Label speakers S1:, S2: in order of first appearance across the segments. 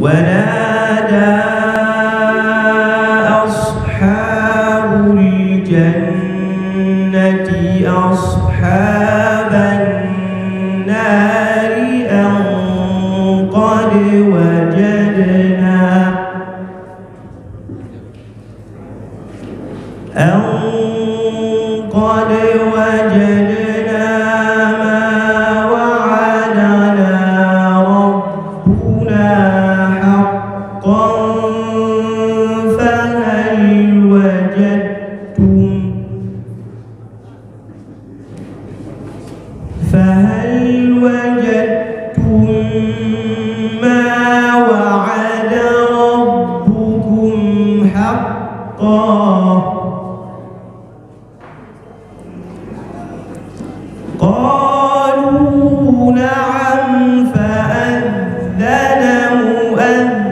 S1: ونادى أصحاب الجنة أصحاب النار أن قد وجدنا أن فهل وجدتم ما وعد ربكم حقا قالوا نعم فأذن مؤذن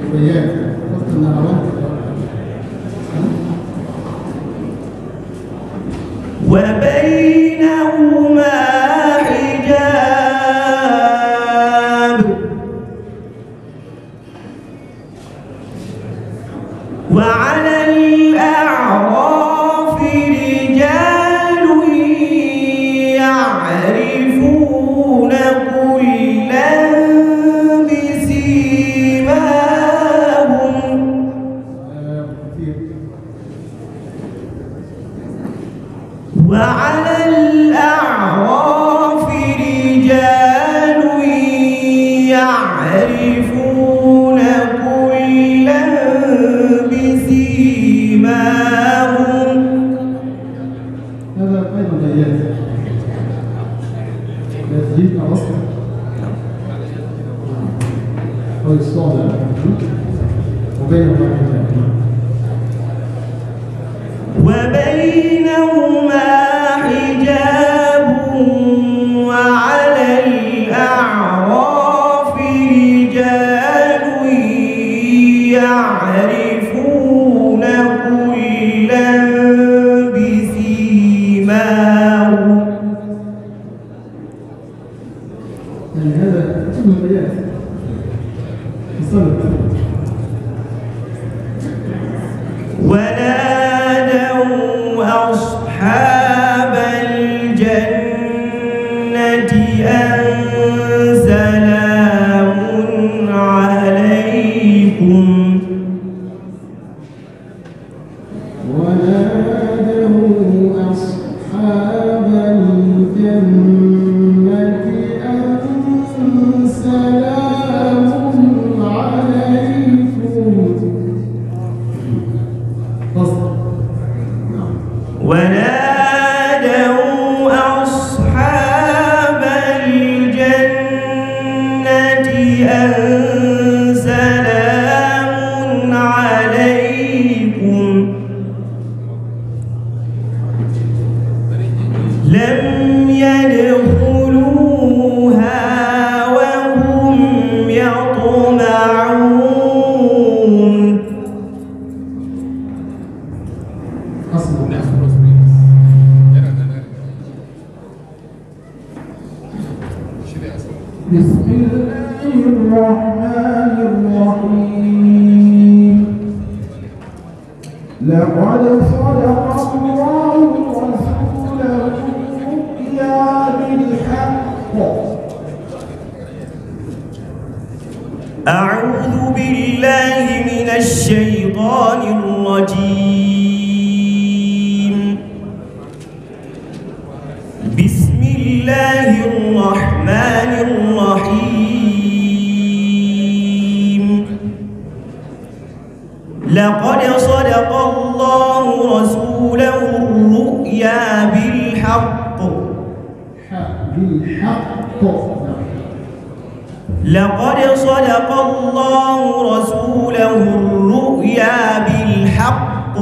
S1: وياك قلت تعرفون يعني هذا شبه بيان الصلاه ونادوا أصحاب الجنة أن سلام عليكم ونادوا لقد صدق الله رسوله الرؤيا بالحق أعوذ بالله من الشيطان الرجيم بسم الله الرحمن الرحيم لقد صدق الله له الرؤيا بالحق بالحق لقد صدق الله رسوله الرؤيا بالحق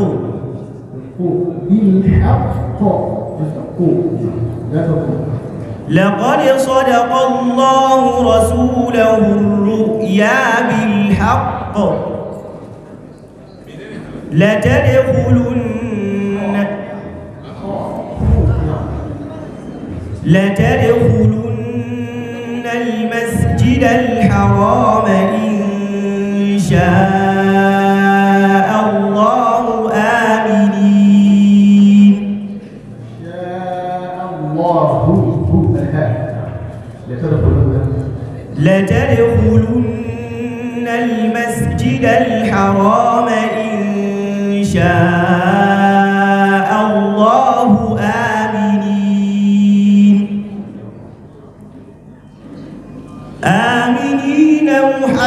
S1: بالحق لقد صدق الله رسوله الرؤيا بالحق لتدخلن لتدخلن المسجد الحرام إن شاء الله آمنين شاء الله لتدخلن المسجد الحرام إن شاء الله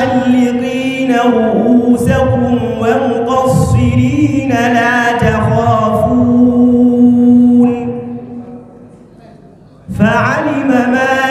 S1: محلقين رؤوسكم ومقصرين لا تخافون فعلم ما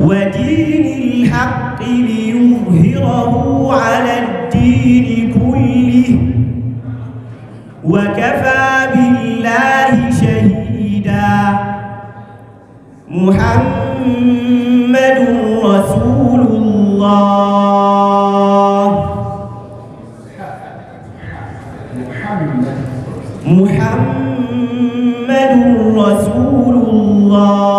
S1: ودين الحق ليظهره على الدين كله وكفى بالله شهيدا محمد رسول الله محمد رسول الله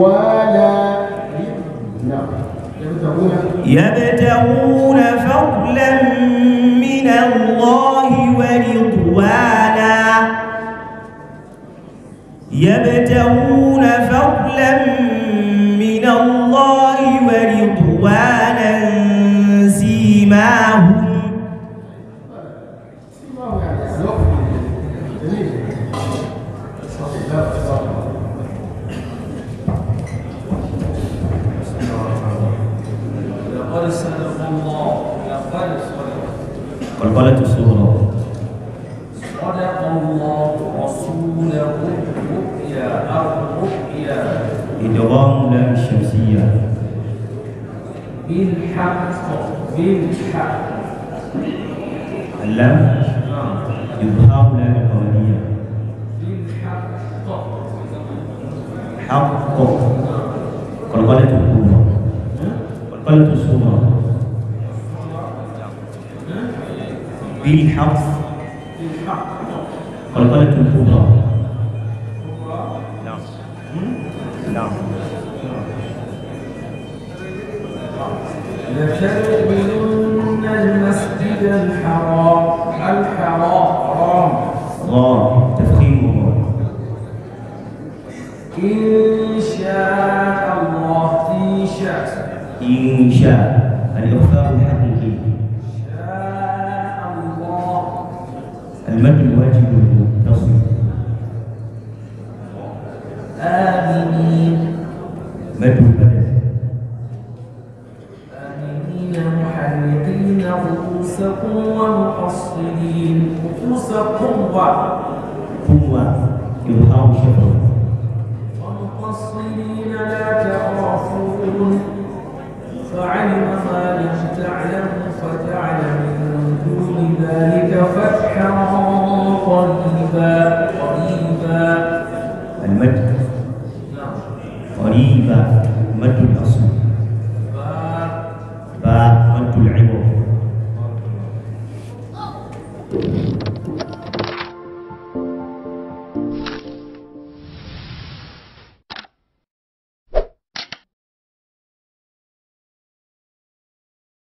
S1: ولا يبتغون فضلا من الله ورضوانا يبتغون فضلا من الله ورضوانا سيماهم سيماهم يعني وقالت الصغرى صدق الله رسوله الرؤيا الرؤيا إدغام لام الشمسية بالحق بالحق اللام إظهار لام القمرية بالحق حق قلقلة الكبرى قلقلة بالحرف قلقلة الكبرى نعم نعم لتدخلن المسجد الحرام الحرام الله تفخيمه إن شاء الله إن شاء إن شاء فاسقوا ومقصرين لا تعرفون
S2: فعلم ما لم فجعل
S1: من دون ذلك فتحا قريبا قريبا المد نعم. قريبا مد الاصل